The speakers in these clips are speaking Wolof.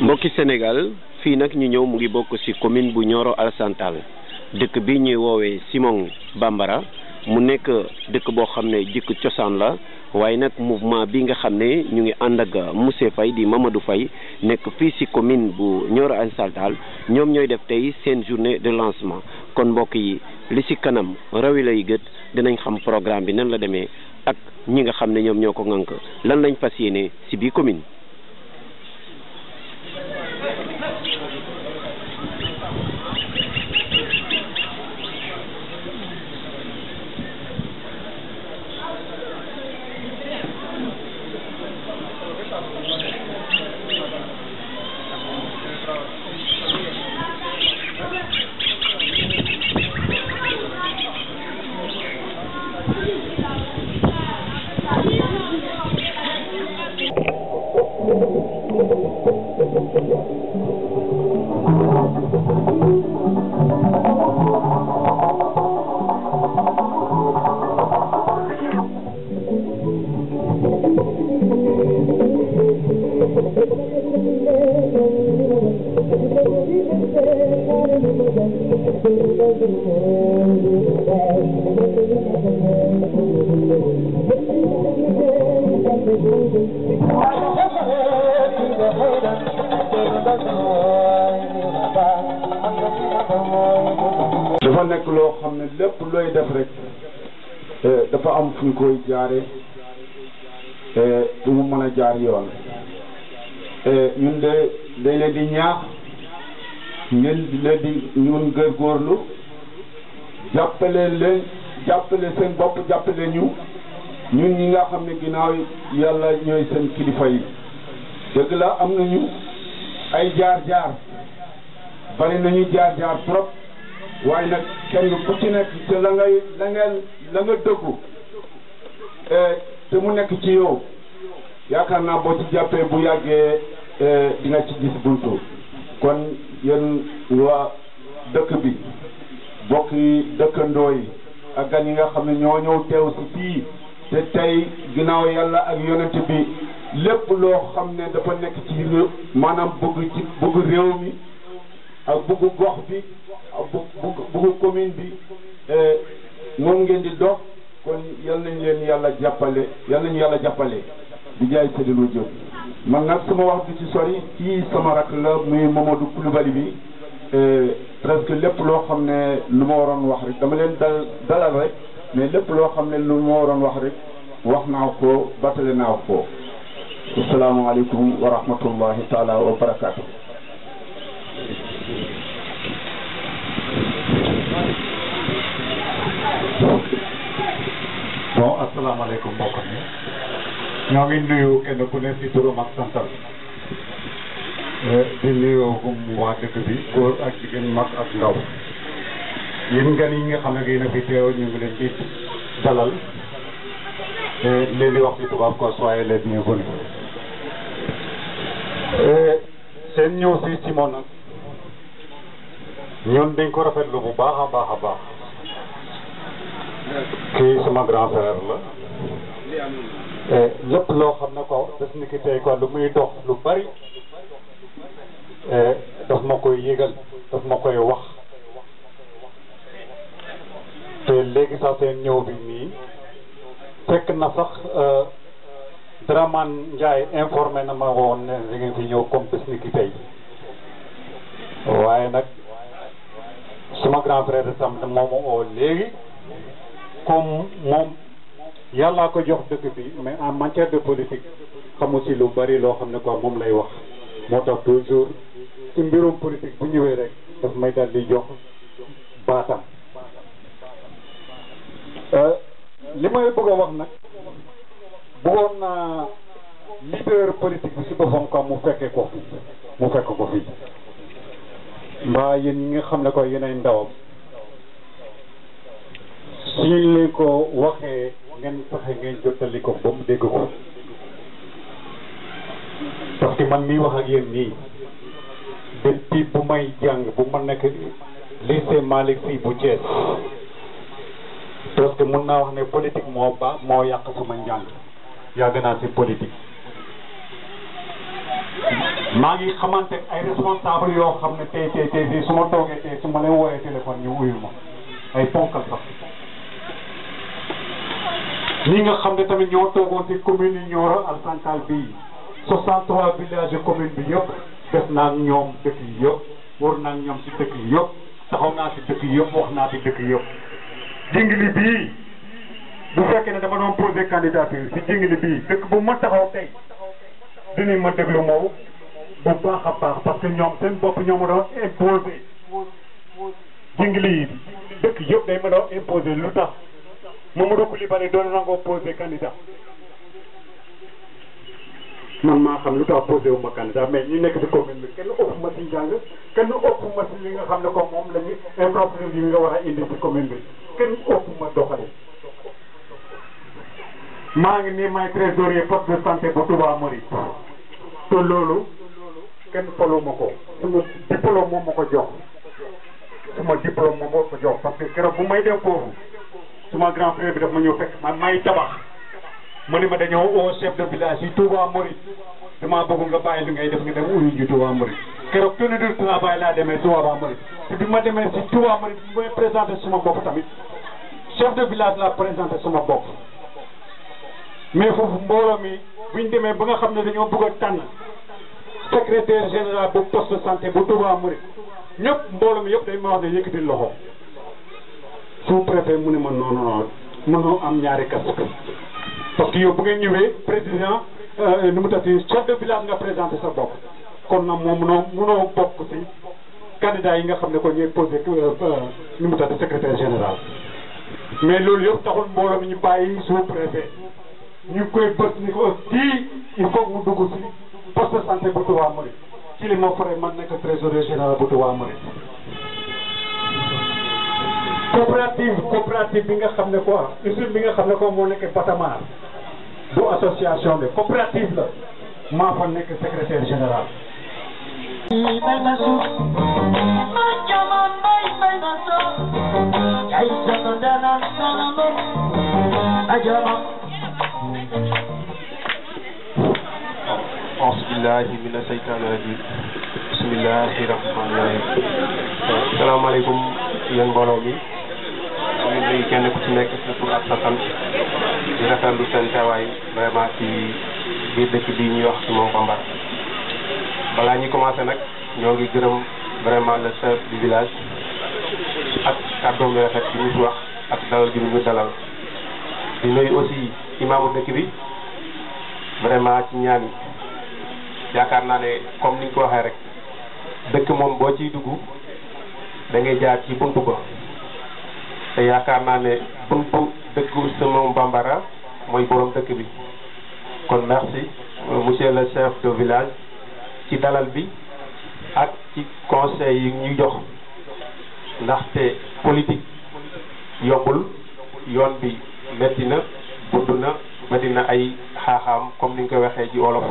mbokki Sénégal fii nag ñu ñëw mu ngi bokk ci commune bu Nioro Alassane dëkk bi ñuy woowee Simon Bambara mu nekk dëkk boo xam ne jikk cosaan la waaye nag mouvement bi nga xam ne ñu ngi ànd ak monsieur Faye di Mamadou Faye nekk fii ci commune bu Nioro Alassane Tall ñoom ñooy def tey seen journée de lancement kon mbokk yi li ci kanam rawi lay gët dinañ xam programme bi nan la demee ak ñi nga xam ne ñoom ñoo ko ŋànk lan lañ fas yéene ci biir commune nañu ay jaar-jaar bari nañu jaar-jaar trop waaye nag kenn ku ci nekk te la ngay la nga la nga dëggu eh, te mu nekk ci yow yaakaar naa boo ci jàppee bu yàggee eh, dina ci gis buntu kon yéen waa dëkk bi bokk yi dëkkandoo yi ak gan yi nga xam ne ñoo ñëw teew si fii te tey ginnaaw yàlla ak yonent bi lépp loo xam ne dafa nekk ci réew maanaam bëgg ci bëgg réew mi ak bëgg gox bi ak bëgg bëgg commune bi eh, moom ngeen di dox kon yal nañ leen yàlla jàppale yal nañu yàlla jàppale di jaay Seydou Diop man nag ma wax bi ci sori kii sama rak la muy Mamadou Coulibaly bi eh, presque lépp loo xam ne lu ma waroon wax rek dama leen dal dalal rek mais lépp loo xam ne lu ma waroon wax rek wax naa ko battale naa ko asalaamaaleykum wa rahmatullahi taala wa barakaatu. bon asalaamaaleykum mbokk mi ñoo ngi nuyu kenn ku ne si turam ak santam eh, di nuyu waa dëkk bi góor ak jigéen mag ak ndaw yéen gan yi nga xam ne yéen a fi teew ñu ngi leen di dalal eh, leen di wax ci tubaab ko soyez les bienvenus E, seen ñëw si Simon nag ñoom dañ ko rafet lu bu baax a baax a baax kii sama grand frère la e, lépp loo xam ne ko des ni ki tey ko lu muy dox lu bari e, daf ma koy yëgal daf ma koy wax te léegi sax seen ñëw bi nii fekk na sax Dramane Ndiaye informé na ma woon ne di ngeen ñëw comme bés ni waaye nag suma grand frère sam moom oo léegi comme moom yàllaa ko jox dëkk bi mais en matière de politique xamu lu bari loo xam ne quoi moom lay wax moo tax toujours ci mbirum politique bu ñëwee rek daf may daal di jox baatam euh, li may bëgg wax nag bëggoon naa leader politique bi si boppam mu fekkee ko fi mu fekk ko fi mbaa yéen ñi nga ne ko yéenay ndawam suñu leen ko waxee ngeen fexe ngeen jottali ko ba mu dégg ko parce que man mii wax ak yéen nii depuis bu may jàng bu ma nekk lycée Malick Sy bu Thiès parce que mun naa wax ne politique moo ba moo yàq ko njàng yàgg naa si politique maa ngi xamante ay responsable yoo xam ne tey tey tey fii su ma toogee tey su ma leen woowee téléphone ñu wuyu ma ay ponkal sax ñi nga xam ne tamit ñoo toogoon si commune yi Nioro ak Sànqal bii 63 villages yu commune bi yëpp def naa ñoom dëkk yi yëpp war naa ñoom si dëkk yëpp taxaw naa si dëkk yëpp wax naa si dëkk yi yëpp jingili bii bu fekkee ne dama doon posé candidature si jingili bii dëkk bu ma taxaw tey dinañ ma déglu moow bu baax a baax parce que ñoom seen bopp ñoo ma doon imposé jingili yi dëkk yëpp day ma doon imposé lu tax Mamadou Coulibaly doon nangoo posé candidat man maa xam lu tax posé ma candidat mais ñu nekk si commune bi kenn ëpp ma si njàng kenn ëpp ma si li nga xam ne ko moom la ñu improprié nga war indi si commune bi kenn ëpp ma doxale maa ngi nii may trésorier poste de santé bu Touba Mori loolu kenn foloo ma ko suma diplôme moom ma ko jox suma diplôme moom ma jox parce que keroog bu may dem foofu suma grand frère bi daf ma ñëw fekk man may tabax ma ne ma dañoo au chef de village yi Touba Mori damaa bëgg nga bàyyi li ngay def nga dem uyu ji Touba Mori keroog tenu de travail laa demee Touba Mori te bi ma demee si Touba Mori bi may présenté suma bopp tamit chef de village laa présenté suma bopp mais vous, mbooloo mi bu démé ba nga dañoo secrétaire général poste de santé bu Tout le monde ma wax ne loxo non am ñaari parce que bu président euh, nous chef de village nga sa bokk kon na moom mënoo mëno bokk candidat yi nga ko euh, euh, secrétaire général mais loolu yëpp taxul ñu sous préfet ñu koy bës ni ko aussi il faut mu dugg ci poste santé bu Touba Mouride ci li man nekk trésorier général bu Touba Mouride coopérative coopérative bi nga xam ne quoi nga xam ne quoi moo nekk Batamar bu association bi coopérative maa fa nekk secrétaire général ay أعوذ بالله من الشيطان الرجيم بسم الله الرحمن الرحيم السلام عليكم yéen mbooloo mi ñu nuyu kenn ku ci nekk sa tur ak sa sant di rafetlu seen teewaay vraiment ci biir dëkk bii ñuy wax ci moom Bambara balaa ñuy commencé nag ñoo ngi gërëm vraiment le chef du village ak kàddoom bi rafet bi wax ak dalal gi ñu dalal di nuyu aussi imaamu dëkk bi vraiment ci ñaan yaakaar naa ne comme niñ ko waxee rek dëkk moom boo ciy dugg da jaar ci buntu ba te yaakaar naa ne buntu dëkku sama Bambara mooy boroom dëkk bi kon merci monsieur le chef de village ci dalal bi ak ci conseil yi ñu jox ndaxte politique yombul yoon bi metti na gudd na ba na ay xaaxaam comme ni ñu koy waxee ji wolof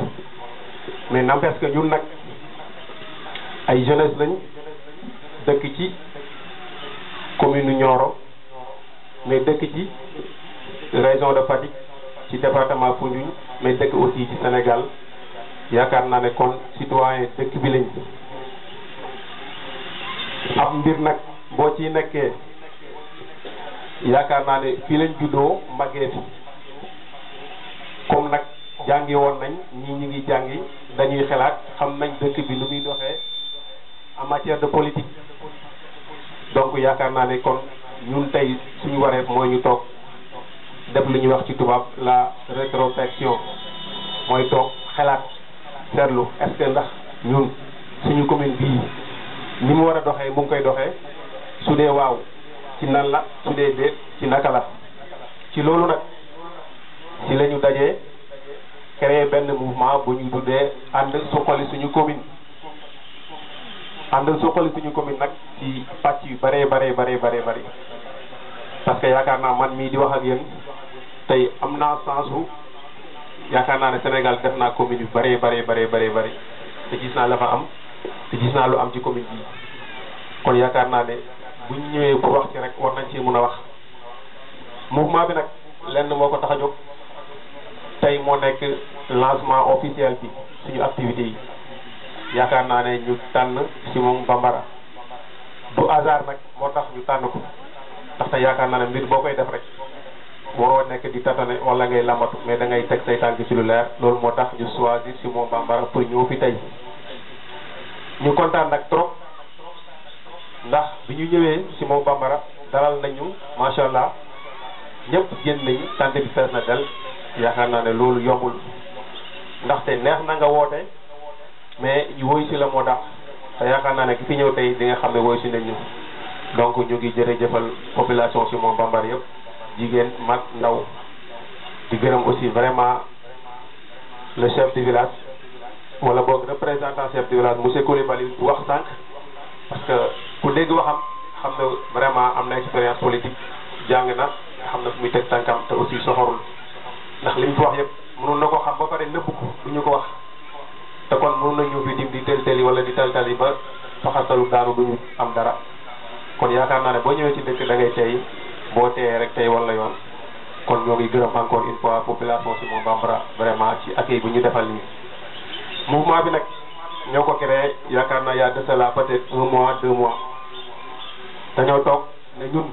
mais n'empêche que ñun nag ay jeunesse lañ dëkk ci commune Nioro mais dëkk ci région de Fatick ci département Foundiougne mais dëkk auti ci Sénégal yaakaar naa ne kon citoyen dëkk bi lañ ab mbir nag boo ci nekkee yaakaar naa ne fii lañ juddoo màggee comme nag jàngi woon nañ ñii ñu ngi jàngi dañuy xelaat xam nañ dëkk bi nu muy doxee en matière de politique donc yaakaar naa ne kon ñun tey suñu waree mooy ñu toog def lu ñuy wax ci tubaab la rétrospection mooy toog xelaat seetlu est-ce ndax ñun suñu commune bii ni mu war a doxee mu ngi koy doxee su dee waaw ci nan la su dee déet ci naka la ci loolu nag ci la ñu dajee créer benn mouvement bu ñu tuddee ànd suqali suñu commune ànd suqali suñu commune nag ci pàcc yu bëree bëree bëree parce que yaakaar naa man mii di wax ak yéen tey am naa chance bu yaakaar naa ne Sénégal def naa commune yu bëree bëree bëree bëree bëri te gis naa la fa am te gis naa lu am ci commune bi kon yaakaar naa ne buñ ñëwee pour wax ci rek war nañ ci mun a wax mouvement bi nag lenn moo ko tax a jóg tey moo nekk lancement officiel bi suñu activité yi yaakaar naa ne ñu tànn si moom bambara du hasard nag moo tax ñu tànn ko ndaxte yaakaar naa ne mbir boo koy def rek waroo nekk di tatane wala ngay lamatu mais da ngay teg say tànk si lu leer loolu moo tax ñu choisir si moom bambara pour ñëw fi tey ñu kontaan nag trop ndax bi ñu ñëwee si moom bambara dalal nañu macha allah ñëpp génn nañu tànn bi fees na del yaakaar naa ne loolu yombul ndaxte neex na nga woote mais ñu woy si la moo dàq te yaakaar naa ne ki fi ñëw tey di nga xam ne woy si ñu donc ñu ngi jërëjëfal population si moom bambar yëpp jigéen mag ndaw di gërëm aussi vraiment le chef du village wala boog représentant chef du village monsieur Coulibaly wax sànq parce que ku dégg waxam xam ne vraiment am na expérience politique jàng na xam na fu muy teg tànkam te aussi soxorul ndax liñ ko wax yëpp mënoon na ko xam ba pare nëbb ko du ñu ko wax te kon mënoon na ñëw fi di tel tel yi wala di tel tel yi ba faxasalu daanu duñu am dara kon yaakaar naa ne boo ñëwee ci dëkk da tey boo teeyee rek tey wala yoon kon ñoo ngi gërëm encore une fois population si moom Bambara vraiment ci accueil bu ñu defal nii mouvement bi nag ñoo ko créé yaakaar naa yaa de cela peut-être un mois deux dañoo toog ne ñun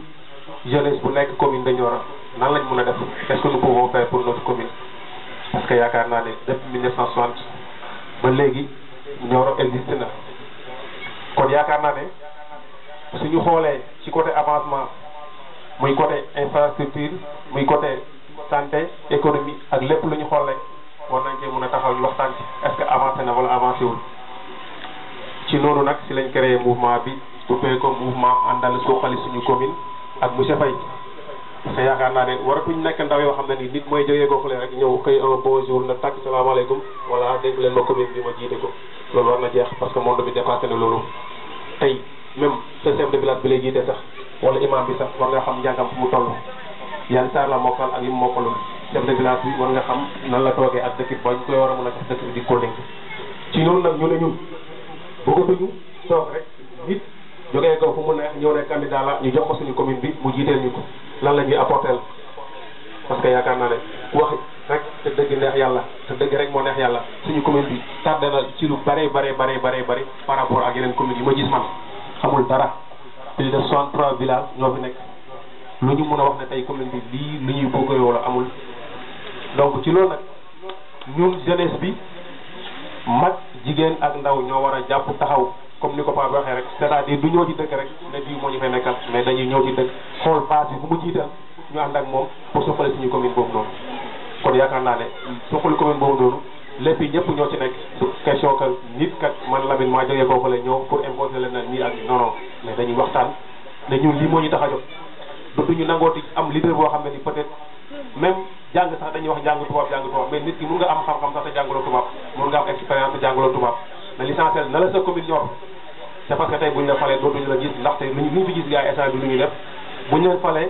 jeunesse bu nekk commune de Nioro nan lañ mën a def est-ce que nous pouvons faire pour notre commune parce que yaakaar naa ne depuis 1960 ba léegi Nioro existe na kon yaakaar naa ne suñu xoolee ci côté avancement muy côté infrastructure muy côté santé économie ak lépp lu ñu xool rek war nañ cee mën a taxaw ñu waxtaan est-ce que avancé na wala avancé wul ci loolu nag ci lañ créé mouvement bi duppee ko mouvement àndal suuxali suñu commune ak monsieur Faye te yaakaar naa ne waratuñ a ndaw yoo xam ne ni nit mooy jógee goxule rek ñëw na tàkk salaamaaleykum voilà bi ma ko de village fu mu toll yan la mokkal bi war nga xam nan la toogee ak dëkk a mën a tax dëkk bi di ko nekk ci noonu nag ñu ne ñun bëggatuñu toog rek nit jógee kaw fu mu neex ñëw ne candidat ñu jox ko suñu commune bi mu jiiteel ñu ko lan la ñuy apporter parce que yaakaar naa ne wax rek te dëgg neex yàlla te dëgg rek moo neex yàlla suñu commune bi tardé ci lu bare bare bare bare bare par rapport ak yeneen communes yi ma gis ma amul dara plus de 63 villages ñoo fi nekk lu ñu mun a wax ne tey commune bi lii lu ñuy bëgg wala amul donc ci lool nag ñun jeunesse bi mag jigéen ak ndaw ñoo war a jàpp taxaw comme ni ko Pape waxee rek c'est-à-dire du ñëw ci dëkk rek ne diw moo ñu fay nekkal mais dañuy ñëw ci dëkk xool base bi bu mu jiital ñu ànd ak moom pour soxla suñu commune boobu noonu kon yaakaar naa ne soxla commune boobu noonu lépp ñëpp ñoo ci nekk du question que nit kat man Lamine maa jógee koo fële ñëw pour imposer leen nag nii ak non non mais dañuy waxtaan ne lii moo ñu tax a jóg du ñu nangooti am leader boo xam ne ni peut-être même jàng sax dañuy am xam-xam sax te jàngaloo tubaab mun nga am expérience mais l'essentiel na la sa commune ñor c'est parce que buñ la falee dootuñu la gis ndaxte luñ ñu fi gis gars yi état bi lu ñu def buñ leen falee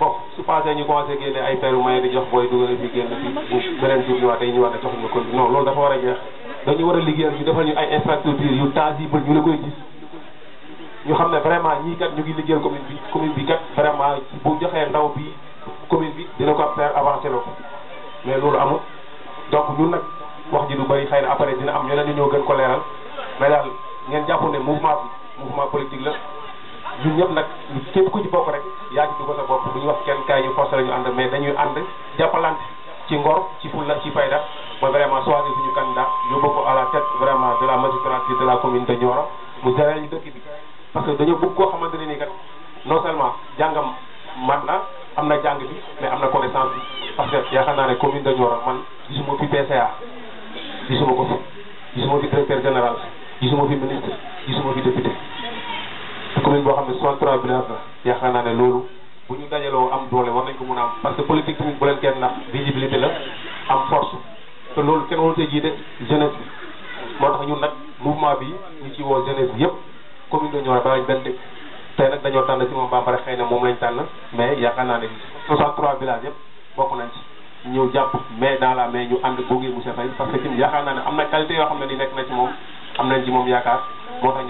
bon su passé ñu commencé génne ay peru maye di jox booy dugal fi génn fi bu beneen jour ñu waa tey ñu war a jox ñu ko ñu defal ñu ay infrastructure yu tangible ñu la koy gis ñu xam ne vraiment ñii kat ñu ngi liggéeyal commune bi commune bi kat vraiment bu joxee ndaw bi commune bi dina ko faire avancer la ko mais loolu amul donc ñun nag wax ji du bari xëy na après dina am ñeneen ñu ñoo gën ko leeral mais daal ngeen jàpp ne mouvement mouvement politique la ñun ñëpp nag képp ku ci bokk rek yaa ngi dugal sa bopp bu ñu wax kenn kaay ñu forcé la ñu ànd mais dañuy ànd jàppalante ci ngor ci fulla ci fayda ba vraiment choisir suñu candidat yóbbu ko à la tête vraiment de la magistrature de la commune de Nioro mu jaral ñu dëkk bi parce que dañoo bëgg koo xamante ne nii kat non seulement jàngam mat na am na jàng bi mais am na connaissance bi parce que yaakaar naa ne commune de Nioro man gisuma fi PCA gisuma ko fi gisuma fi directeur général gisuma fi ministre gisuma fi député commune boo xam ne 63 villages la yaakaar naa ne loolu bu ñu dajaloo am doole war nañ ko mun a am parce que politique tamit bu leen kenn nax visibilité la am force te loolu kenn warutee jiite jeunesse bi moo tax ñun nag mouvement bi ñu ci woo jeunesse bi yëpp commune de Nioro danañ benn dëkk tey nag dañoo tànn si moom ba pare xëy na moom lañ tànn mais yaakaar naa ne yëpp bokk nañ ñëw jàpp mais dans la main ñu ànd boogee monsieur Faye parce que tim yaakaar naa ne am na qualité yoo xam ne ni nekk na ci moom am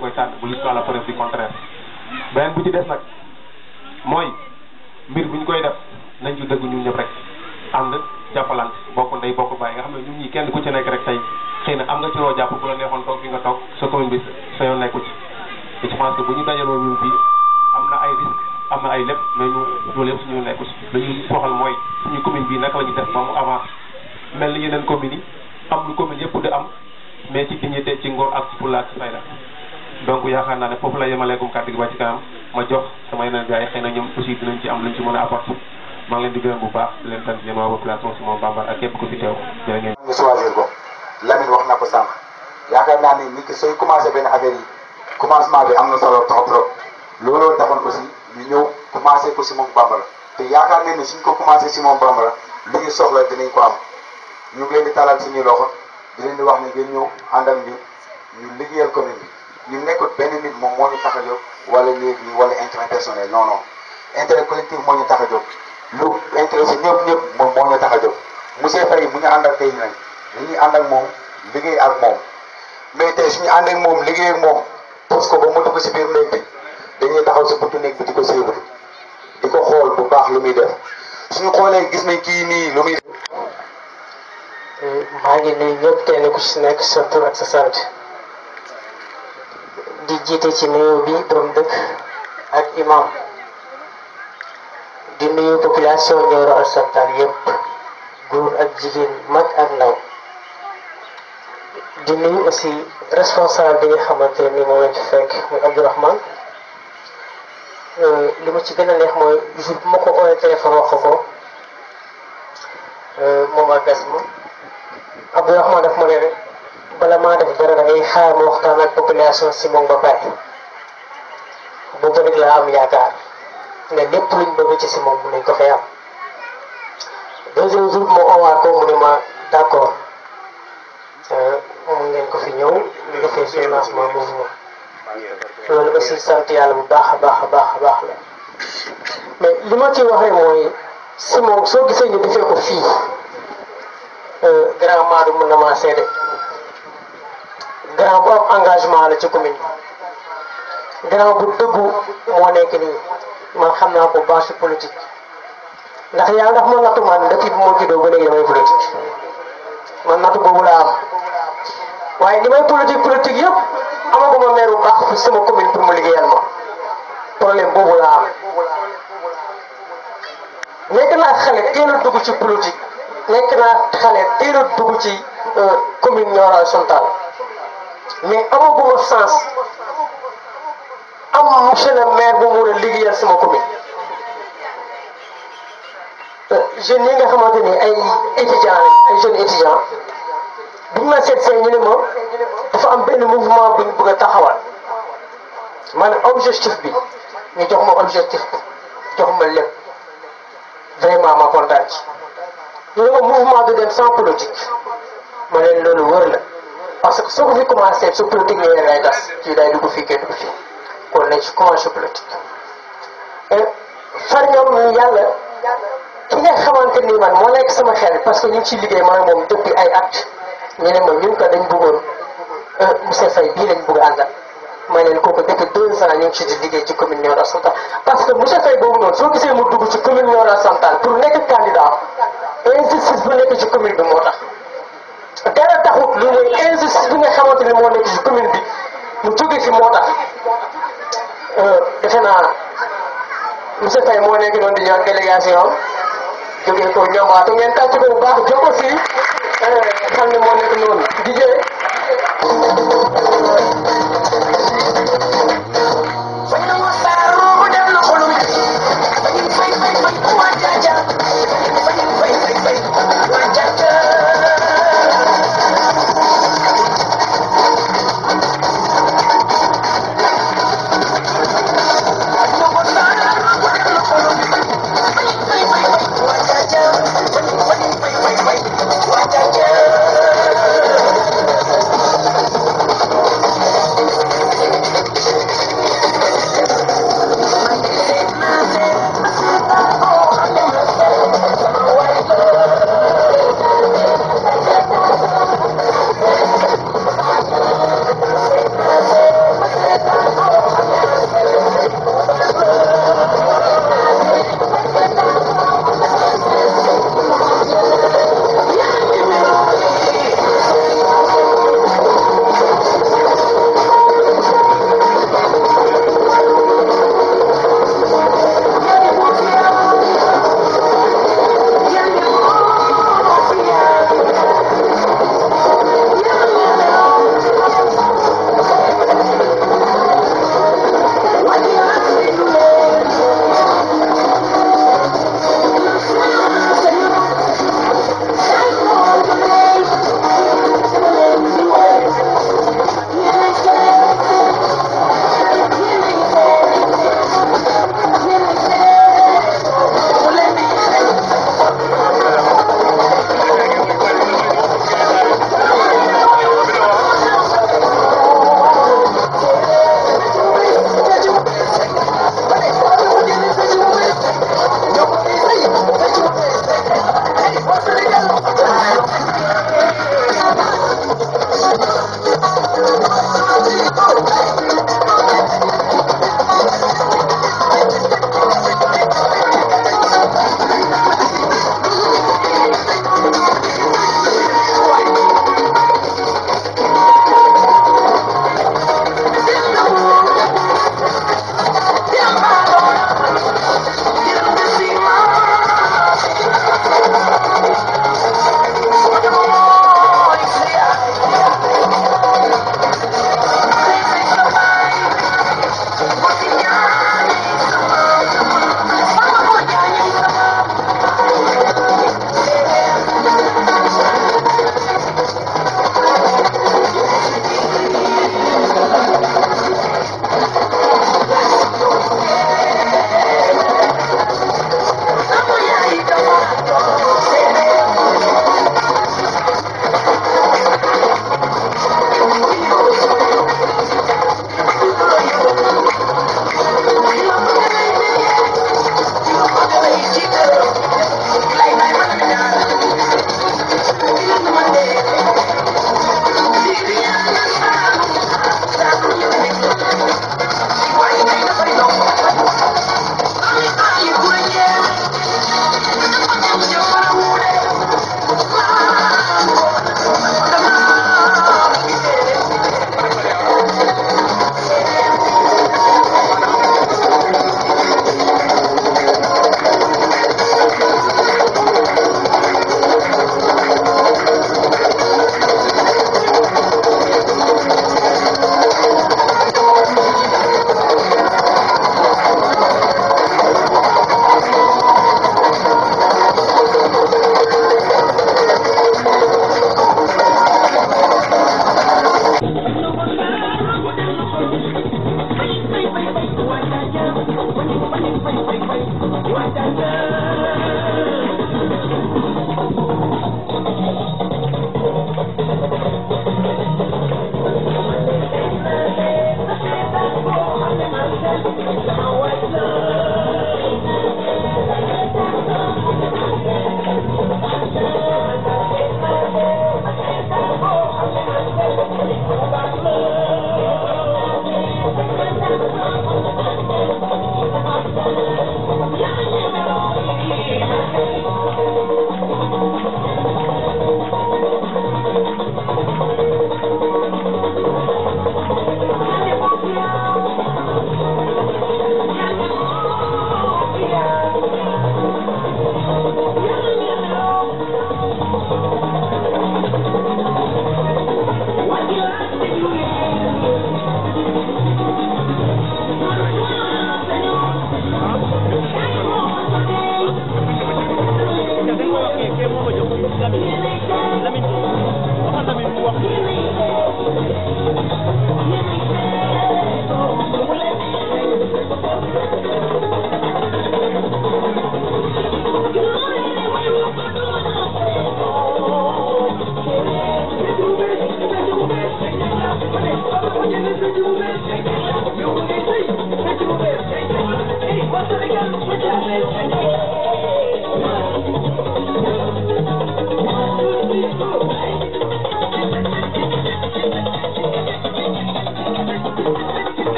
koy tànn bu jusqu'à la bu ci des nag mooy mbir bu ñu koy def nañ ci dëgg ñun ñëpp rek ànd jàppalante bokk ndey bokk bàyyi nga xam ne ñun ñi kenn ku ci nekk rek tey xëy na am nga ci loo jàpp bu la neexoon toog fi nga toog ci et je pense que bu am na ay lépp ñu loolu yëpp suñu nekku si lañuy soxal mooy suñu commune bi naka la ñuy def ba mu avance mel ni yeneen commune yi am lu commune yëpp di am ci dignité ci ngor ak ci fulla ak ci fayda naa ne foofu la yemaleekum kàddu gi ba ci kanam ma jox sama yeneen gars yi xëy na ñoom aussi dinañ ci am luñ ci mën a apporté leen di gërëm bu baax di leen sant si moom Bambara ak képp ku fi teew jërë ngeen ñu ko Lamine wax na ko sànq yaakaar naa ne nit ki sooy commencé benn affaire yi commencement bi am na solo trop trop looloo taxoon aussi ñu ñëw commencé ko si moom bambara te yaakaar ngeen ni suñ ko commencé si moom bambara li ñu soxla dinañ ko am ñu ngi leen di talal suñuy loxo di leen di wax ne ngeen ñëw àndal ñu ñu liggéeyal commune bi ñu nekkul benn nit moom moo ñu tax a jóg wala léegi nii wala intérêt personnel non non intérêt collectif moo ñu tax a jóg lu intéressé ñëpp ñëpp moom moo ñu tax a jóg monsieur Faye mu ñu àndal tey nag li ñuy moom liggéey ak moom mais te suñu ànd ak moom liggéey ak moom tos ko ba si biir bi dañuy taxaw si buntu néeg bi di ko suivre di ko xool bu baax lu muy def suñu xoolee gis ne kii nii lu muy def. Eh, maa ngi nuyu ñëpp kenn ku ci nekk sa tur ak sa sant di jiite ci nuyu bi borom dëkk ak imam di nuyu population Nioro ak santaan yëpp góor ak jigéen mag ak ndaw di nuyu aussi responsable bi nga xamante ni moo fekk muy Abdourahmane li ma ci gën a mooy jour bi ma ko ooyee téléphone wax ko ko euh, moom ak gas ma Abdourahmane daf ma ne rek bala maa def dara da ngay xaar ma waxtaan ak population si ba pare boobu rek am yaakaar ne lépp luñ bëgg ci si moom mu ko fay am deuxième jour bi ko mu ma d'accord euh, mu ngeen ko fi ñëw ñu defee financement mouvement loolu aussi sant yàlla bu baax a baax a baax a baax la mais li ma ci waxee mooy si moom soo gisee ñu defee ko fii euh, grand Madou mën na seede grand bu am engagement la ci commune bi grand bu dëggu moo nekk nii man xam naa ko baax ci politique ndax yaa ndax man nattu man depuis bu ma juddoo ba léegi damay politique man nattu boobu laa waaye li may politique politique yëpp amaguma maire bu baax fi sama commune pour mu liggéeyal ma problème boobu laa am nekk naa xale teel a dugg ci politique nekk naa a dugg ci euh, commune Nioro Sontal mais amaguma sens am monsieur le maire bu mu war a liggéeyal sama commune euh, jeunes yi nga xamante ni ay étudiants ay jeunes étudiants. bi ñu ma seet see ñu ne ma dafa am benn mouvement bu ñu bëgg a taxawal maanaam objectif bi ñu jox ma objectif bi jox ma lépp vraiment ma kontaan ci. ñu ne ma mouvement sans politique ma leen loolu wër la parce que soo ko fi commencé su politique la yéen lay gas kii day fi fii kenn fi kon nañ ci commencé politique et far ñoom yàlla ki nga xamante ni man moo nekk sama xel parce que ñu ngi ciy liggéey maanaam moom depuis ay at. ñu ne ma ñun ko dañ bëggoon euh, monsieur Faye bii lañ bëgg a àndal ma leen ko dëkk deux ans ñu ngi ci di liggéey ci commune Nioro Santal parce que monsieur Faye boobu noonu soo gisee mu dugg ci commune Nioro Santal pour nekk candidat injustice bu nekk ci commune bi moo tax dara taxut lu mooy injustice bi nga xamante ni moo nekk ci commune bi mu jóge fi moo tax euh, defe naa monsieur Faye moo nekk doon di ñaan délégation jógee ko ñoom waaw te ngeen tàcc ko bu baax jóg aussi xam ne moo nekk noonu di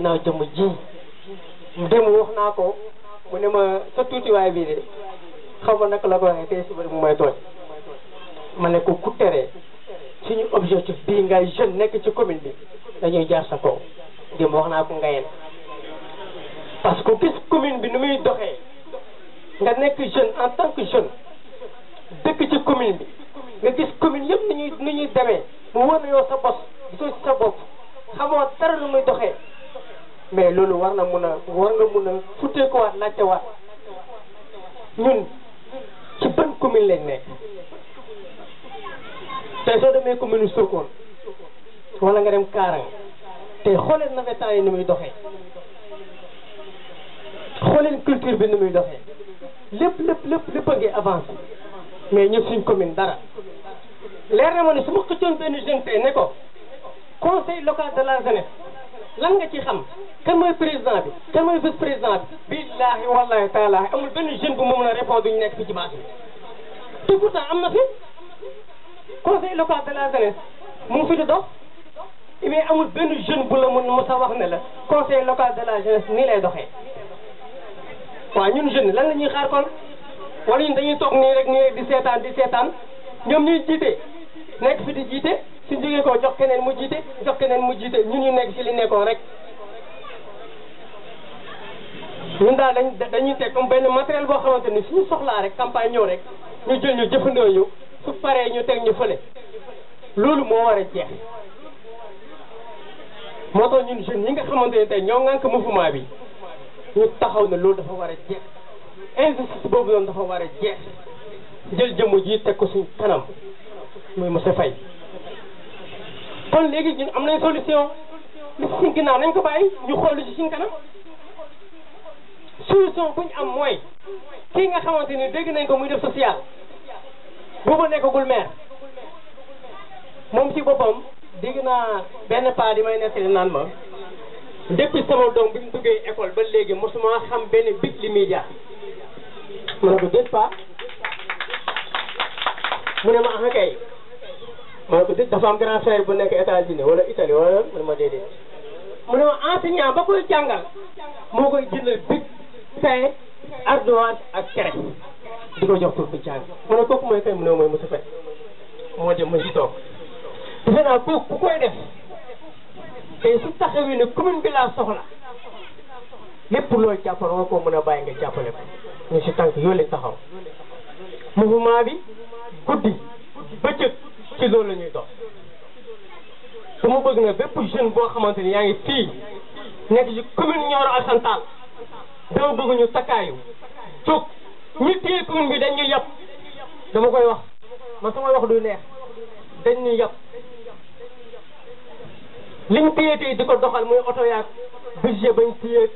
ginnaaw jëmm ji dem wax naa ko mu ne ma sa tuutiwaay bii de xaw ma naka la ko waxee tey suba mu may tooñ ma ne ko ku tere suñu objectif bii ngay jeune nekk ci commune bi dañuy jaar sa kaw dem wax naa ko ngayeen parce que gis commune bi nu muy doxee nga nekk jeune en tant que jeune dëkk ci commune bi nga gis commune yëpp ni ñuy ni demee mu wër na yow sa bos gisoo sa bopp xamoo dara lu muy doxee mais loolu war na mun a war na mun a futtee ko waat laajte waat ñun ci ban commune lañ nekk tey soo demee commune Sokone wala nga dem Kaarang tey xooleen nawetaan yi ni muy doxee xooleen culture bi ni muy doxee lépp lépp lépp lépp a ngi avancé mais ñëpp suñ commune dara leer na ma ne su ma xëccoon benn jeune tey ne ko conseil local de la jeunesse lan nga ci xam kan mooy président bi kan mooy vice président bi billahi wallahi taala amul benn jeune bu mu mën a répondre ñu nekk fi ci base bi te pourtant am na fi conseil local de la jeunesse mu fi di dox mais eh amul benn jeune bu la mën mos a wax ne la conseil local de la jeunesse nii lay doxe waaw ñun jeune lan la ñuy xaar kon wala ñun dañuy toog nii rek nii rek di seetaan di seetaan ñoom ñuy jiite nekk fi di jiite su jógee ko jox keneen mu jiite jox keneen mu jiite ñun ñu nekk ci li nekkoon rek ñun daal dañ dañuy teg comme benn matériel boo xamante ni suñu soxlaa rek campagne ñëw rek ñu jël ñu jëfandoo ñu su paree ñu teg ñu fële loolu moo war a jeex moo tax ñun jeunes yi nga xamante ne tey ñoo ngànk mouvement bi ñu taxaw ne loolu dafa war a jeex injustice boobu noonu dafa war a jeex jël jëmm ji teg ko suñu kanam muy monsieur Faye kon léegi ñun am nañ solution lu ci suñ ginnaaw nañ ko bàyyi ñu xool lu ci suñ kanam solution am mooy kii nga xamante ni dégg nañ ko muy def social booba nekkagul maire moom ci boppam dégg naa benn pa di may nettali naan ma depuis sama doom bi mu duggee école ba léegi mosuma xam benn big li muy jaar ne ko déet paa mu ne ma ah ma ne ko déet dafa grand frère bu nekk États-Unis wala Italie man ma déedéet mu ne ma enseignant ba koy jàngal moo koy jëndal bic pain ardoise ak craie di ko jox pour mu jàng mu ne kooku mooy kay mu ne mooy Moussa Faye moo dem ma ci toog defe naa kooku ku koy def tey su taxawee ne commune bi laa soxla lépp looy jàppal woo ko mën a bàyyi nga jàppale ko ñu si tànk yooyu lañ taxaw mouvement bi guddi bëccëg ci loolu la ñuy dox dama bëgg na bépp jeune boo xamante ni yaa ngi fii nekk ci commune Nioro Alassane Tall dama bëgg ñu takkaayu jóg ñu téye commune bi dañ ñu yàpp dama koy wax man sama wax du neex dañ ñu yàpp liñ téye tey di ko doxal muy oto yaag budget bañ téye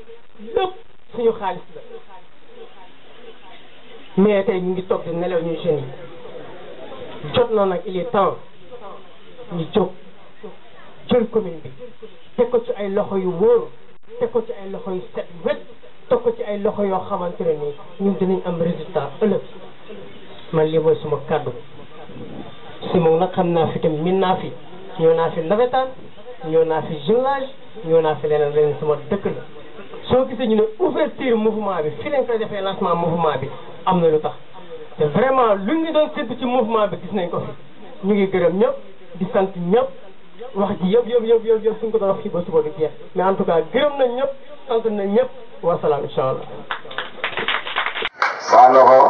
lépp suñu xaalis la mais tey ñu ngi toog di nelaw ñuy jeunes jot na nag il est temps ñu jóg jël commune bi teg ko ci ay loxo yu wóor teg ko ci ay loxo yu set wet teg ko ci ay loxo yoo xamante na nii ñun dinañ am résultat ëllëg man lii mooy suma kàddu si moom nag xam naa fi tam min naa fi ñoo naa fi nawetaan ñoo naa fi jumelage ñëw naa fi leneen leneen sama dëkk la soo gisee ñu ne ouverture mouvement bi fi lañ koy defee lancement mouvement bi am na lu tax vraiment lu ñu doon sédd ci mouvement bi gis nañ ko fi ñu gërëm ñëpp di sant ñëpp wax ji yëpp yëpp yëpp yëpp yëpp suñ ko doon wax ci ba suba du jeex mais gërëm nañ ñëpp sant nañ ñëpp wa salaam incha allah. Sanokho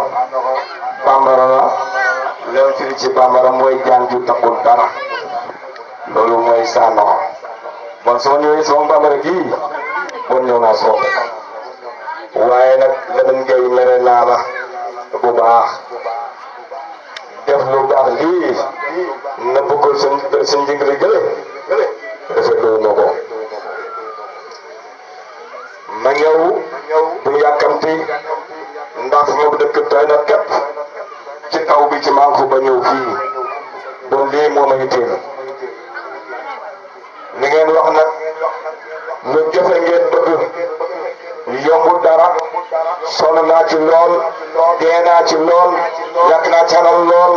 bambara la léew firi ci bambara mooy jaan ju takkul dara loolu mooy Sanokho bon soo ñëwee sama bambara gii bon ñëw naa soo waaye nag leneen ngay mere naa la. bu baax def lu baax lii na bëggul sa sa njëg li gële rafetlu ma ko ma ñëw bu yàkkamti ndax fu ma dëkk doy na képp ci taw bi ci manku ba ñëw fii ba lii moo may teel li ngeen wax nag lu jafe ngeen bëgg yombul dara sonn naa ci lool dee naa ci lool yàq naa canal lool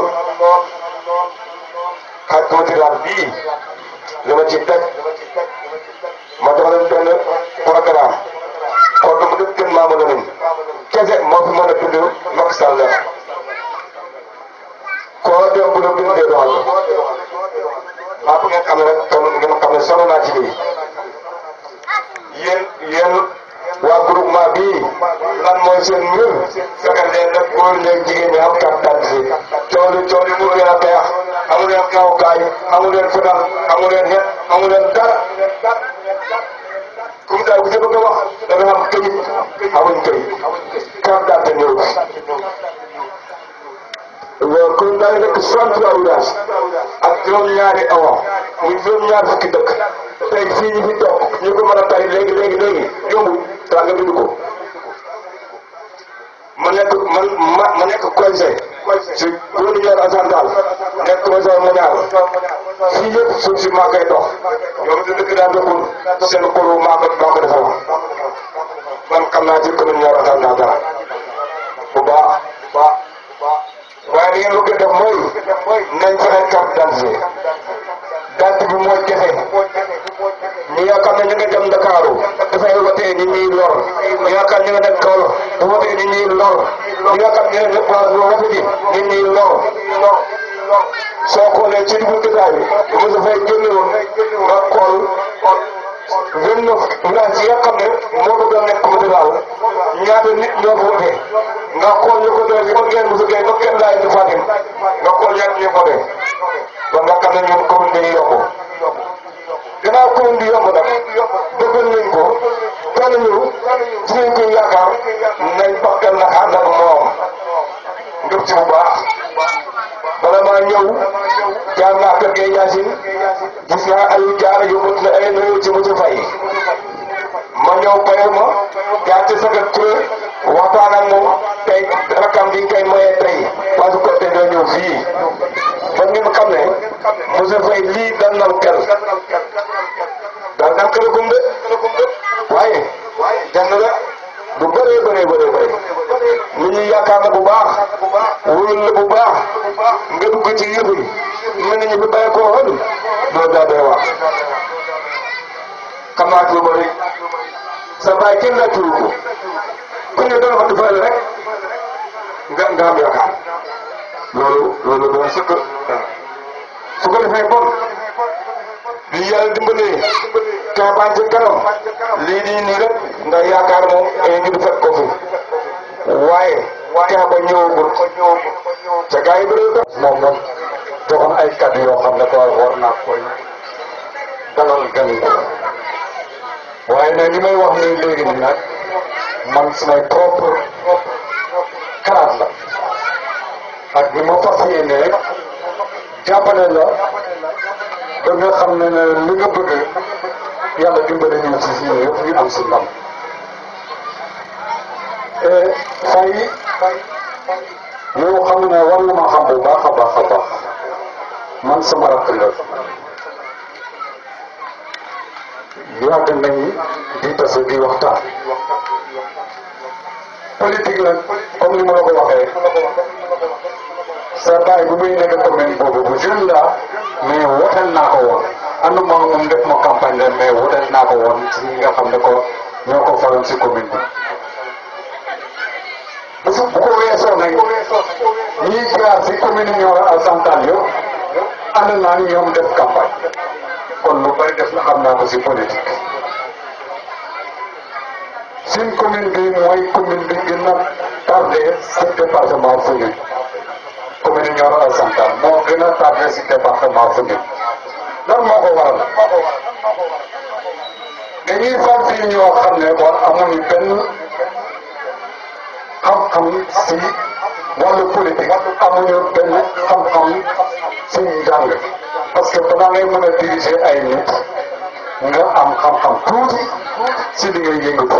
xaj tuuti la bii li ma ci teg ma jox leen benn programme kon du mu def kenn mën a tudd Macky Sall la koo dem bu la bindee doxal maa ko ngeen xam ne rek kon ngeen xam ne sonn naa ci lii yéen yéen waa groupement bii lan mooy seen mbir fexe leen nag góor leen jigéen ñi a kattan si tool yi tool yi mu leen a beex amu leen kawkaay amu leen fetal amu leen xet amu leen dara bu ñu bëgg a wax da nga xam këyit amuñ këyit carte d'identité ñëw loolu comme daal nekk centre awudaas ak juróom-ñaari awa muy juróom-ñaar fukki dëkk tey fii ñu fi toog ñu ko mën a tari léegi léegi léegi yombul taa nga bind ko ma nekk man ma ma nekk conseil si loolu yor asan daal nekk conseil mondial fii yëpp suuf si maa koy dox ñoom it seen xolu maa ko maa ko defoon man xam naa ci commune yor asan daal dara bu baax baax waaye li ngeen bëgg a def mooy nañ fexe carte d'identité carte bi mooy jafe ñi nga xam ne ñu Ndakaaru lor li nga xam ne waa lu rafet yi ñu ngi lor soo xoolee ci dugub jotaay bi Moussa Faye génne woon nga xool vingt neuf villages yi nga xam ne moo bëgg a nekk comité daal ñaata nit ñoo fa wotee nga xool ñu ko doon ci kon ngeen Moussa Gueye ba kenn laay ñu Fatim nga xool ñaata ñu voté kon nga xam ne ñun commune bi yokku gannaaw commune bi yokku nag bëgg nañ ko. kenn ñu ci ko yaakaar nañ bakkan nag ànd ak moom ngëm ci bala maa ñëw jaar naa kër gay yaasin gis ay jaar yóbbut na ay nuyoo ci mutu fay ma ñëw bayal ma jaar ci sa kër kuré waxtaan ak moom tey rakam bi kay maye tey waa su ko tey doo ñëw fii ba ngeen xam ne mutu fay lii dal na kel dal na kel gumbe waaye benn la bu bëree bëree bëree bëri lu ñuy yaakaar bu baax wóorul la bu baax nga dugg ci yëfu mën nañu fi bàyyi koo xool doo daa dee wax xam naa tuuba rek sa bàyyi kenn laa tuuru ko ku ñu doon wax dafa rek nga nga am yaakaar loolu loolu doo sëkk su ko defee bon bi yàlla dimbalee Touba ca kanam lii nii nii rek nga yaakaar moom ñu du fekk ko fi waaye Touba ñëwagul ca gars yi bëri xam ne ko war naa koy dalal gan yi waaye nag li may wax nii léegi nii nag man samay propre xalaat la ak bi ma fas yéene jàppale la ba nga xam ne ne li nga bëgg yàlla dimbali ñu ci ñun yëpp ñu am si ndam e, fay yow xam ne a baax a baax man sama rakk la yàgg nañ di tase di waxtaan politique nag comme ni ma la ko waxee sa baay bu muy nekk commune boobu bu jeune la mais wotal naa ko woon ma moom def ma campagne la mais wotal naa ko ko ñoo ko faloon si commune bi. bu su bu ko weesoo nag si commune Nioro ak Santal yëpp ànd naa ñoom def campagne kon lu bari def na xam naa ko si politique. suñ commune bi mooy commune bi gën a tardé si département Foundiougne. commune Nioro ak Santane moo gën a tardé si département Foundiougne a moo ko waral dañuy fal fii ñoo xam ne war amuñu xam-xam si wàllu politique amuñu benn xam-xam si njàng parce que balaa ngay mën a diriger ay nit nga am xam-xam tuuti si li ngay yëngatu.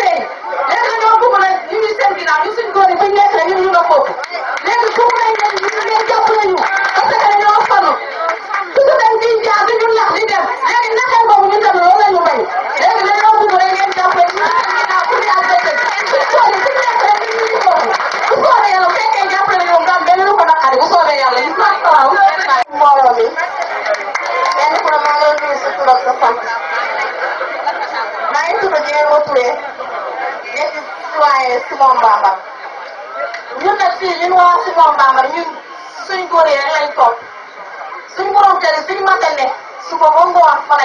waaye Simon Bambara ñun nag fii li ñu wax Simon Bambara ñun suñ góor yi rek lañ suñ borom kër yi suñ matal ne suba ba ngoon fa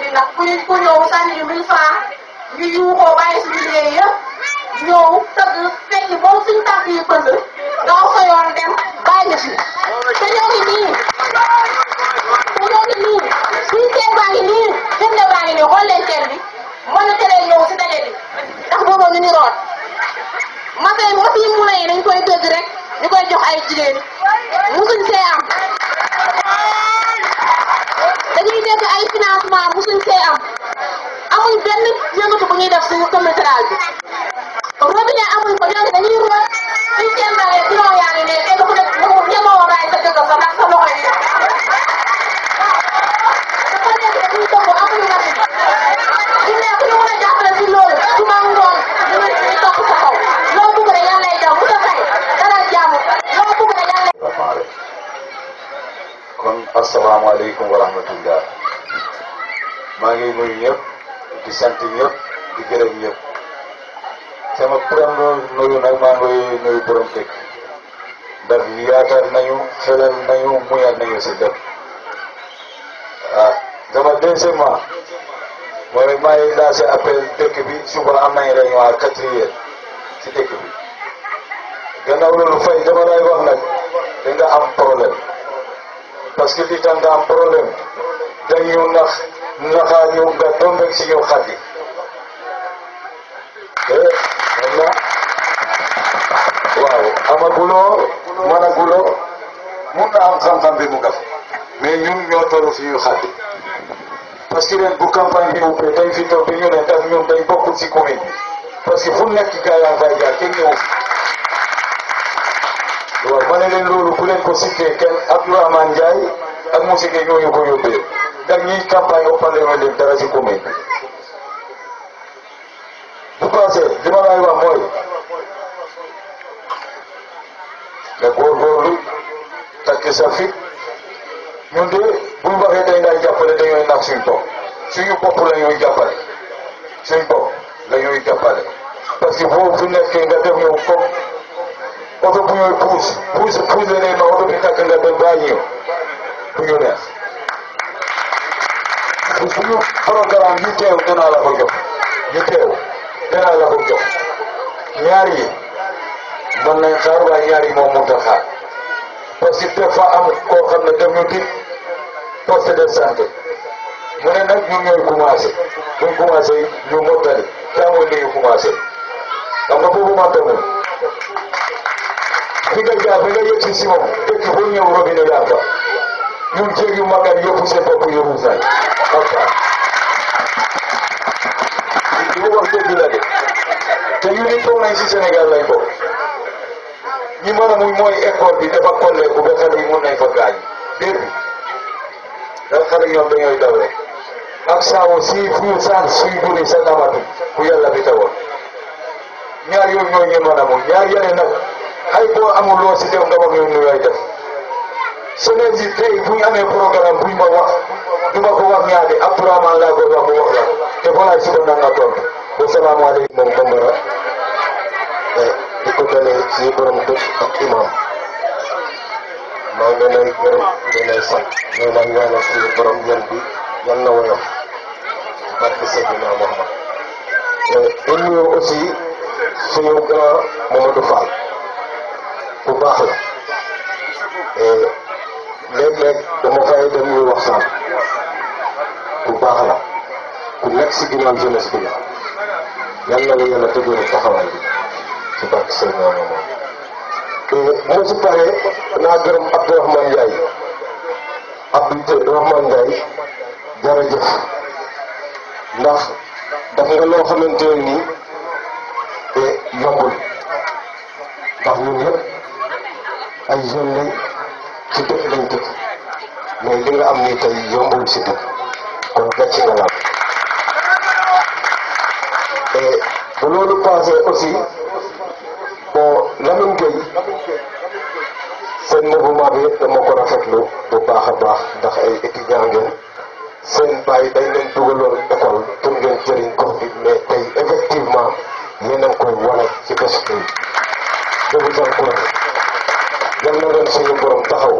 di nag ku ñu ku ñëw sànni ñu mille ñu yuuxoo bàyyi suñu liggéey yëpp ñëw suñ tànk yi pënd daaw sa yoon dem bàyyi ñu fi te ñoo ngi nii te ñoo ngi nii suñ teen baa ngi nii firnde baa ngi nii xool leen teen bi mën na teree ñëw si daje bi ndax boobu ñu ngi root matin aussi mu ne dañ koy dégg rek ñu koy jox ay jigéen musuñ see am dañuy dégg ay financement musuñ see am amul benn yëngatu bu ñuy def suñu commune rurale bi robinet amul ko ñoom dañuy root suñ seen bawee courant yaa ngi ne asalaamaaleykum wa rahmatullah maa ngi nuyu ñëpp di sant ñëpp di gërëm ñëpp sama premier nuyu nag maa ngi nuyu borom dëkk ndax yaatal nañu xelal nañu muyaat nañu si dëkk ah dama deuxièmement mooy maa ngi lancé appel dëkk bi suba am nañu réunion à quatre heures si dëkk bi gannaaw loolu fay dama lay wax nag da nga am problème. parce que lii am problème dañu nax naxaa ñëw nga tombeg si ñëw xat yi waaw amaguloo managuloo mun na am xam-xam bi mu nga fi mais ñun ñoo toll fi ñu xàtti parce que ren bu campagne fi toog bi ne daf ñun si commune bi parce que fu nekk fay jaar kenn waa ma ne leen loolu ku leen ko sikkee kenn Abdourahmane Ndiaye ak mu sikkee ko yóbbee ak ñiy campagne oppale woon leen dara si commune bi. bu passé li ma laay wax mooy nga góorgóorlu takk sa fit ñun de buñ waxee dañ lay jàppale dañooy nax suñ bopp suñu la ñuy jàppale suñ bopp la ñuy jàppale parce que foofu nekkee nga def ñëw ko oto bu ñuy pousse pousse pousse nee na oto bi takk nga dem ba ñëw bu ñu neex suñu programme yi teew dinaa la ko jox yi teew dinaa la ko jox ñaar yi mën nañ xaar waaye ñaar yi moom mënut a xaar parce que des fois am koo ne daf ñu dig poste mu ne nag ñu ñooy commencé buñ commencé ñu mottali taamu li ñu commencé xam nga boobu digal ba nga yëg si si moom fekk boo ñëw robinet yaa fa ñun jéeg yu mag ak yóbbu seen bopp yóbbu saay li mu wax dëgg la de te yu ni toog nañ si Sénégal lañ bokk ñi mën a muy mooy école bi dafa kolleeku ba xale yi mën nañ fa gaañ dégg ndax xale ñoom dañooy daw rek ak saawo si fu saan suy duni sa namatu bu yàlla bi tawoon ñaar yooyu ñoo ñu mën a muy ñaar yare nag ay boo amul loo si def nga wax ñoom ñu lay def semaine bi tey bu ñu amee programme bu ñu ma wax du ma ko wax ñaari Abdourahmane laa koy wax mu wax la te balaa si ko naan la tontu ba salaamaaleykum moom Bambara eh, di ko dalee ci borom dëkk ak imam maa ngi lay gërëm di lay sant ñu ngi lay ñaanal ci borom yan bi yan na woyof barke Seydina Mouhamad et eh, aussi suñu grand Mamadou Fall. bu baax la euh, léeg-léeg dama fay dem ñu baax la ku nekk si ginnaaw jeunesse bi la yan la la yàlla dëgëral taxawaay bi ci barke Seydou Maama moom. bu ma ci paree naa gërëm Abdourahmane Ndiaye Abdourahmane Ndiaye jërëjëf ndax daf nga loo xamante ne nii euh, yombul ndax ñun ñëpp. ay yoon lañ tuddee mais li nga am nii tey yombul si dëkk kon gàcce nga laal et bu loolu passé aussi bon Lamine Gueye seen mouvement bi yëpp dama ko rafetlu bu baax a baax ndax ay étudiants ngeen seen bàyyi dañ leen dugaloon école pour ngeen jëriñ gox bi mais tey effectivement yéen a wala koy wane ci bés bi je vous encourage yal na leen suñu borom taxaw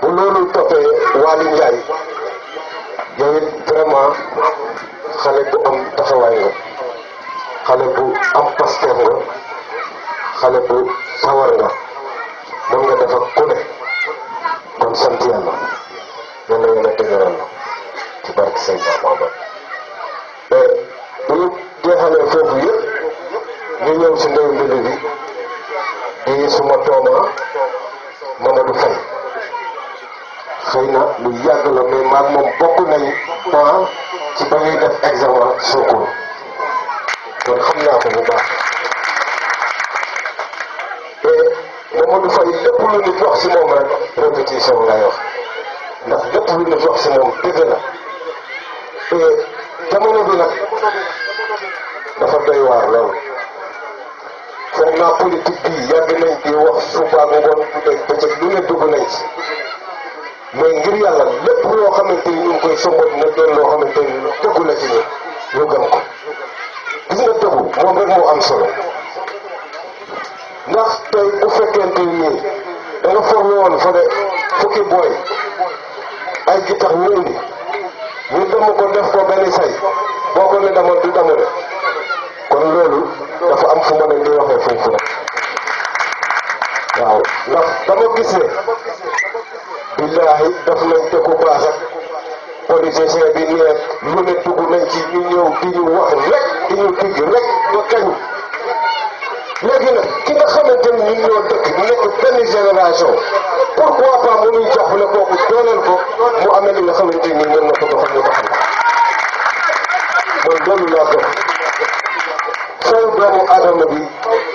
bu loolu toppee Waly Ndiaye yow it vraiment xale bu am taxawaay nga xale bu am pasteur nga xale bu sawar nga mën nga def ak ku ne kon sant yàlla yal na yàlla dëgëral la ci barke bu ñu jeexalee foofu yëpp ñu ñëw si ndaw mbir ñi suma tooma Mamadou Faye xëy na lu yàgg la mais maag moom bokk nañ point ci ba ñuy def examen Sokone kon xam naa ko bu baax te Mamadou Faye lépp lu nit wax si moom rek répétition lay wax ndax lépp lu nit wax si moom dëgg la te jamono bi nag dafa doy waar loolu xam naa politique bi yàgg nañ ci wax suba ak ngoon guddeeg bëccëg lu ne dugg nañ mais ngir yàlla lépp loo xam ne ñu ngi loo xamante ni lu dëggu la ci ñun ñu gëm ko gis nga dëggu moom rek moo am solo ndax tey bu fekkente nii da nga woon fa de fukki booy ay gi tax ñu indi ñu dem ko def ko benn say boo ko ne demoon du dama de kon loolu dafa am fu ma ne ñuy waxee foofu rek waaw ndax dama gis ne billaahi daf nañ te ku baax ak politicien bi nee lu ne dugg nañ ci ñu ñëw di ñu wax rek di ñu digg rek ñu kañ léegi nag ki nga xamante ni ñun ñoo dëkk ñu nekk benn génération pourquoi pas mu ñuy jox la kooku dooleel ko mu amee li nga xamante ni ñun ñoo ko doxal ñu doxal man loolu laa gëm sooy doomu aadama bi.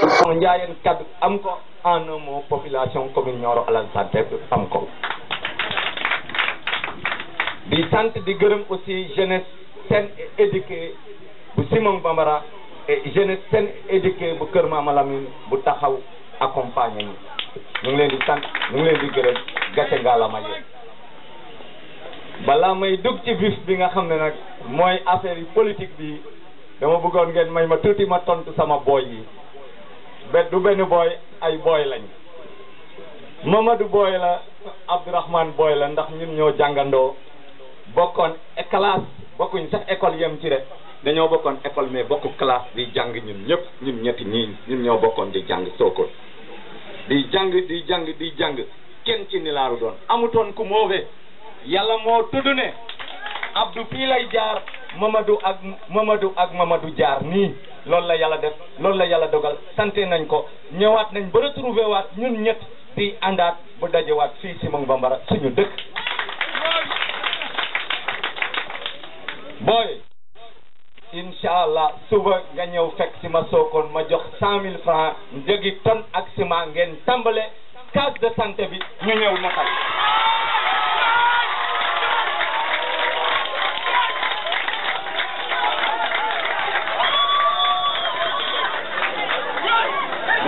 moom njaayeen kaddu am ko en un mot commune Nioro Alassane Santé am ko. di sant di gërëm aussi jeunesse seen éduquée bu Simon Bambara et seen éduquée bu Kër Mama Lamine bu taxaw accompagne ñu ngi leen di sant ñu ngi leen di gërëm gàcce ngaalama yéen balaa may dugg ci vif bi nga xam ne nag mooy affaire yi politique bi. dama bëggoon ngeen may ma tuuti ma tontu sama booy yi be du benn booy ay booy lañ Mamadou booy la Abdourahmane booy la ndax ñun ñoo jàngandoo bokkoon classe bokkuñ sax école yem ci rek dañoo bokkoon école mais bokku classe di jàng ñun ñëpp ñun ñetti ñii ñun ñoo bokkoon di jàng Sokone di jàng di jàng di jàng kenn ci ni doon amutoon ku mauvais yàlla moo tudd ne Abdou fii lay jaar Mamadou ak Mamadou ak Mamadou Diar ni loolu la yalla def loolu la yalla dogal sante nañ ko ñëwaat nañ ba retrouvé waat ñun ñet di andat bu fi ci mang Bambara suñu dëkk boy inshallah suba nga ñëw fekk ci ma sookoon ma jox 100000 francs njëgi ton ak ciment ngeen tambalé case de santé bi ñu ñëw motal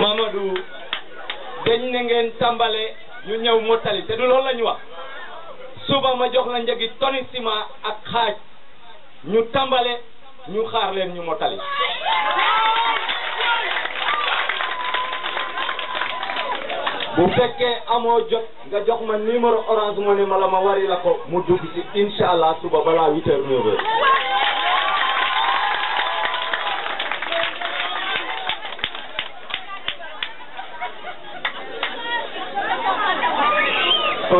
Mamadou dañ ne ngeen tàmbale ñu ñëw mottali te du loolu la ñu wax suba ma jox la njëgi toni ciment ak xaaj ñu tàmbale ñu xaar leen ñu mottali bu fekkee amoo jot nga jox ma numéro orange mu ne ma la ma wari la ko mu dugg ci incha suba balaa huit heures neuf heures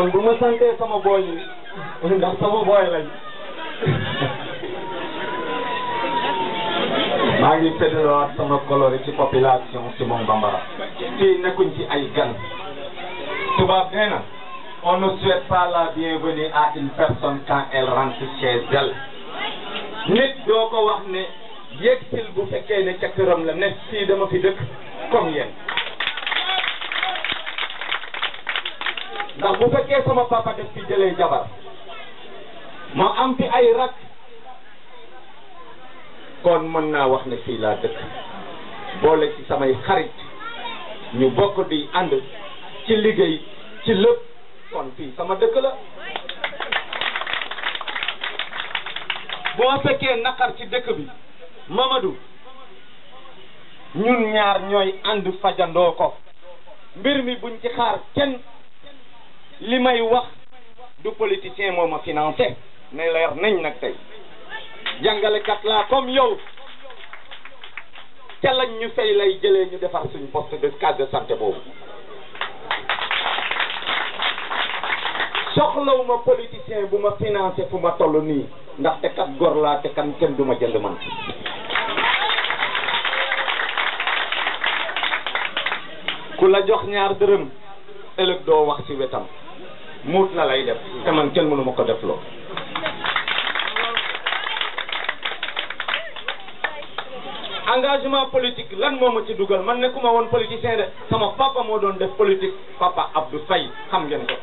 man bu ma santee sama booy yi ndax sama booy lañ maa ngi fédéraat sama coloré ci population Simon Bambara fii nekkuñ ci ay gan tubaab nee na on ne souhaite pas la bienvenue à une personne quand elle rentre chez elle nit doo ko wax ne yéeg bu fekkee ne ca la ne fii dama fi dëkk comme yéen ndax bu fekkee sama papa def fi jëlee jabar ma am fi ay rak kon mën naa wax ne fii laa dëkk boole ci samay xarit ñu bokk di ànd ci liggéey ci lëpp kon fii sama dëkk la boo fekkee naqar ci dëkk bi mamadu ñun ñaar ñooy ànd fajandoo ko mbir mi buñ ci xaar kenn li may wax du politicien moo ma financé ne leer nañ nag tey jàngalekat laa comme yow ca lañ ñu fay lay jëlee ñu defar suñu poste de case de santé boobu soxlawuma politicien bu ma financé fu ma toll nii ndaxte kat gor laa te kan kenn du ma jënd man ku la jox ñaar dërëm ëllëg doo wax ci wetam muut na lay def te man kenn mënu ma ko def loo engagement politique lan moom ma ci dugal man nekkuma woon politicien de sama papa moo doon def politique papa du Faye xam ngeen ko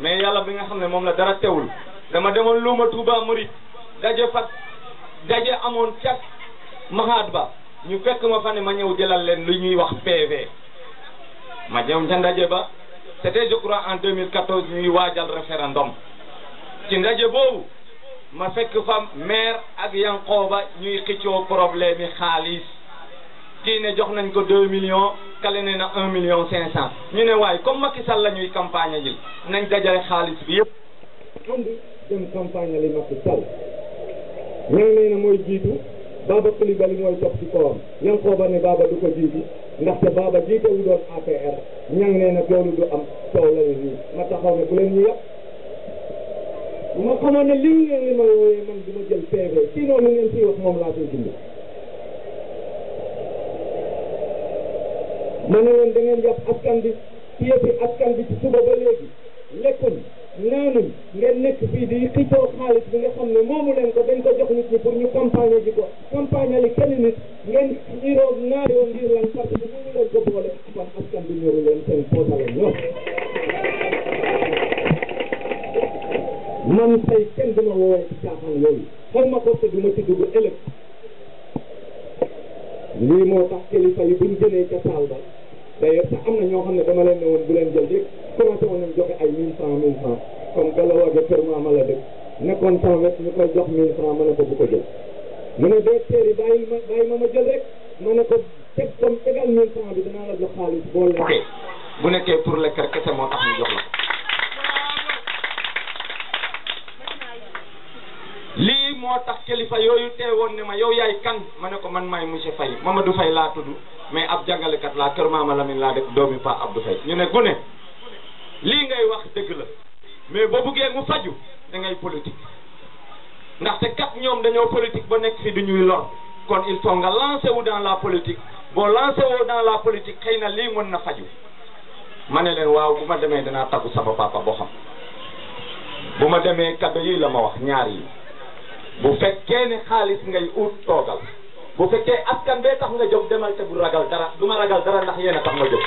mais yàlla bi nga xam ne moom la dara teewul dama demoon luuma Touba Mouride daje fat daje amoon cak Mahad Ba ñu fekk ma fa ne ma ñëw jëlal leen li ñuy wax PV ma jëm ca ndaje ba c'était je crois en 2014 ñuy waajal référendum ci ndaje boobu ma fekk fam maire ak Yankooba ñuy xëccoo problème yi xaalis kii ne jox nañ ko 2 millions kale ne na 1 million 500 ñu ne waaye comme Macky Sall la ñuy campagne ji nañ dajale xaalis bi yëpp. ànd dem campagne li Macky Sall ñoo nee mooy jiitu Baba Coulibaly mooy topp ci kawam Yankooba ne Baba du ko jiitu. ndaxte baaba jiite wu doon APR ñang nee na loolu du am coow la nii ma taxaw ne bu leen ñu ma xamoon ne li ngeen li ma wooyee man du ma jël PV sinon lu ngeen siy wax moom laa koy dindi ma ne leen da ngeen jàpp askan bi téye fi askan bi ci suba ba naanum ngeen nekk fii di xëccoo xaalis bi nga xam ne moomu leen ko dañ ko jox nit ñi pour ñu campagne ji ko campagne li kenn nit ngeen xiiroo naayoo ngir lan parce que moomu leen ko boole bi ñëru leen seen poosale ñoo man tey ma ko te duma ci dugg ëllëg lii moo tax kilifa yi buñ jëlee ca saal ba d'ailleurs sax am na ñoo xam ne dama leen ne woon bu leen commencé woon nañ joxe ay mille francs mille francs comme Galawade kër maama la jox mille francs ma ne ko bu ko jël mu ne dee téeri bàyyi ma bàyyi ma ma jël ma ne ko teg comme jox xaalis boo lekkee nekkee pour lekk rek kese moo tax ñu jox la lii moo tax kilifa yooyu teewoon ne ma yow yaay kan ma ne ko man maay monsieur Faye Mamadou Faye laa tudd mais ab jàngalekat laa kër maama Lamine laa dëkk doomi Pa Abdou Faye ñu ne gune lii ngay wax dëgg la mais ba buggee mu faju da ngay politique ndaxte kat ñoom dañoo politique ba nekk fi du ñuy lor kon il faut nga lancé wu la politique boo lancé wu la politique xëy na lii mën na faju ma ne leen waaw bu ma demee danaa taggu sama papa boo xam bu ma demee kaddu yi la ma wax ñaar yi bu fekkee ne xaalis ngay ut toogal bu fekkee askan bee tax nga jóg demal te bu ragal dara du ma ragal dara ndax yéen a tax ma jóg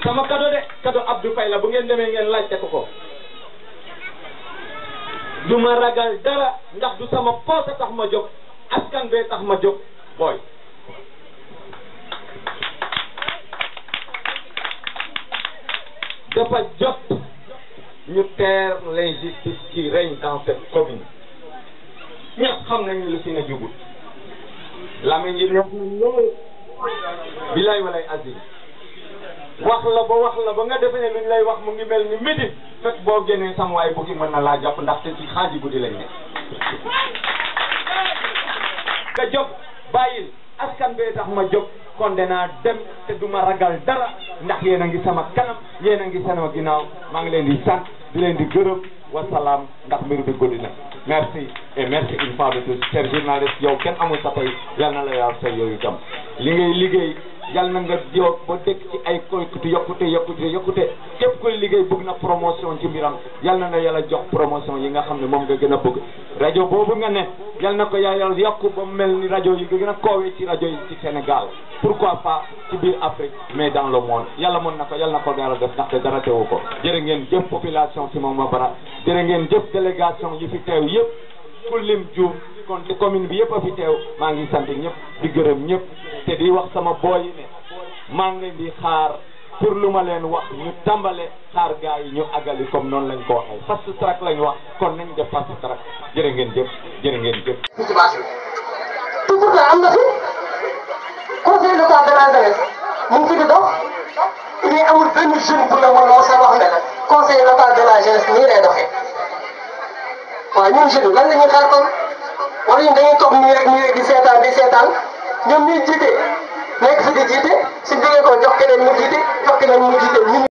sama kado de kado Abdou Faye la bu ngeen demee ngeen laajte ko ko du ma ragal dara ndax du sama poose tax ma jóg askan bee tax ma jóg booy dafa jot ñu teer l'injustice qui règne dans cette commune ñëpp xam lu si ne jubul lamiñ ji neex na lool bilaay walay azim wax la ba wax la ba nga defé luñ lay wax mu ngi mel ni midi fek bo gene sam waay bukki mën na laa jàpp ndaxte ci xadi gudi lañ ne ka job bayil askan be tax ma job kon dem te duma ragal dara ndax yeena ngi sama kanam yeena ngi sama ginaaw ma ngi len di sant di len di wa salam ndax mbir bi gudi na merci et merci une fois de tous cher journaliste yow ken amul sa tay yalla na la yaw sa yoyu tam li ngay liggéey yal na nga jóg ba dëkk ci ay koykutu yokkute yokkute yokkute képp kuy liggéey bëgg na promotion ci mbiram yal na nga yàlla jox promotion yi nga xam ne moom nga gën a bëgg rajo boobu nga ne yal na ko yàlla yokk ba mel ni rajo yi nga gën a koowee ci rajo yi ci Sénégal pourquoi pas ci biir Afrique mais dans le monde yàlla mën na ko yal na ko yàlla def ndaxte dara teewu ko jërë ngeen jëf population Simon Mabara jërë ngeen jëf délégation yi fi teew yëpp ku lim kon ci commune bi yëpp a fi teew maa ngi sant ñëpp di gërëm ñëpp te di wax sama boy ne maa ngi leen di xaar pour lu ma leen wax ñu tàmbale xaar gaa yi ñu agali comme noonu lañ ko waxee fast track lañ wax kon nañ def fast track jërë ngeen jëf jërë ngeen jëf. tout am na fi waaw ñun jeune lan la ñuy xaar kon wala ñun dañuy toog nii rek di seetaan di seetaan ñoom ñuy jiite nekk fi di jiite suñ jógee ko jox jox keneen mu jiite.